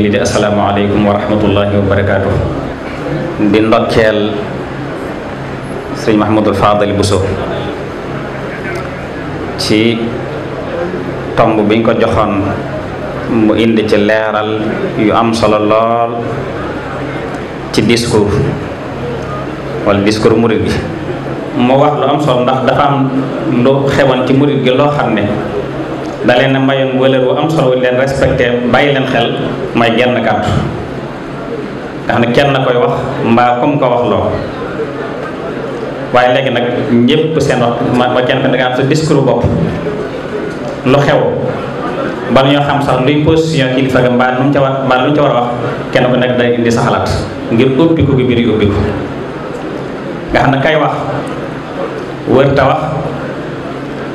julli di asalaamaaleykum wa rahmatullahi wa barakaatu di ndokkeel sëñ Mahmoudul Fadal Bousso ci tomb biñ ko joxoon mu indi ci leeral yu am solo lool ci discours wala discours murit bi mu wax lu am solo ndax dafa am lu xewoon ci murit gi loo xam ne da leen a mayoon valeur bu am solo leen respecté bàyyi leen xel may na kàddu nga xam ne kenn na koy wax mbaa comme ko wax loo waaye léegi nag ñëpp seen wax ma kenn ko da ñoo xam sax lu mu ca a wax kenn nekk day indi sa xalaat ngir ubbi ko gi biir ubbi ko nga xam ne kay wax wër wax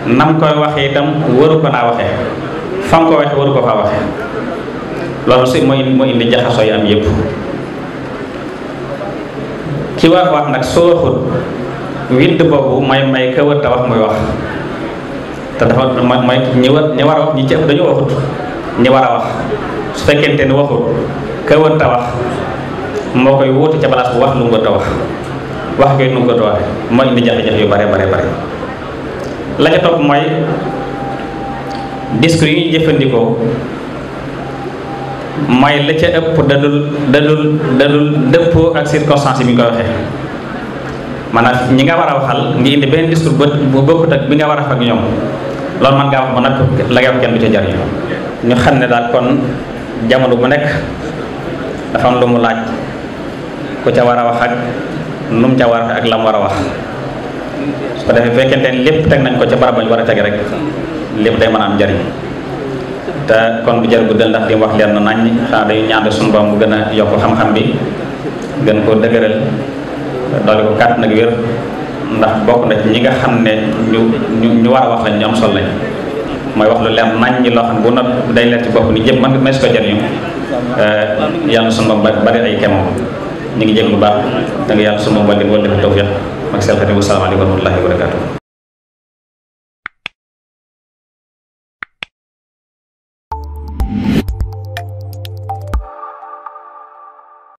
nam koy waxee itam waru ko naa waxee fa nga waxee waru ko faa waxee loolu si moo indi jaxasoo yi am yëpp ki wax wax nag soo waxut widd boobu mooy may ka wax muy wax te dafa mooy ñi war ñi war a wax ñi ci ëpp dañu waxut ñi war a wax su fekkente waxut ka wax moo koy wuute ca balaas bu wax lu wax wax ngay nu mu indi jafe-jafe yu bare bare bare la ca topp mooy discours yi ñuy jëfandikoo mooy la ca ëpp dadul da dadul dëppoo ak circonstance bi ñu koy waxee maanaam ñi nga war a waxal nga indi benn discours ba bu bokkut ak bi nga war a fa ak ñoom lool man ngaa wax ba nag la nga wax kenn du ca jariñu ñu xam ne daal kon jamono bu nekk dafa am lu mu laaj ku ca war a wax ak nu mu ca war a ak la mu war a wax su ko defee fekkente ni lépp teg nañ ko ca barab ba ñu war a teg rek lépp day mën a am njariñ te kon bu jar guddal ndax li mu wax leer na nañ xanaa suñu borom bu gën a yokk xam gën koo dëgëral doole kàtt nag wér ndax bokk na ci nga xam ne ñu ñu ñu war a wax lañ ñu sol lañ mooy wax lu leer nañ ñi loo xam bu not day leer ci bopp ni jëpp man mes ko jëriñu yàlla na suñu borom bari ay kemam ñu ngi jég lu baax da nga yàlla suñu borom wàllu wënde ko tawfiq ak seen xarit bu salaamaaleykum wa rahmatullahi wa barakaatu